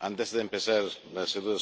antes de empezar la saludo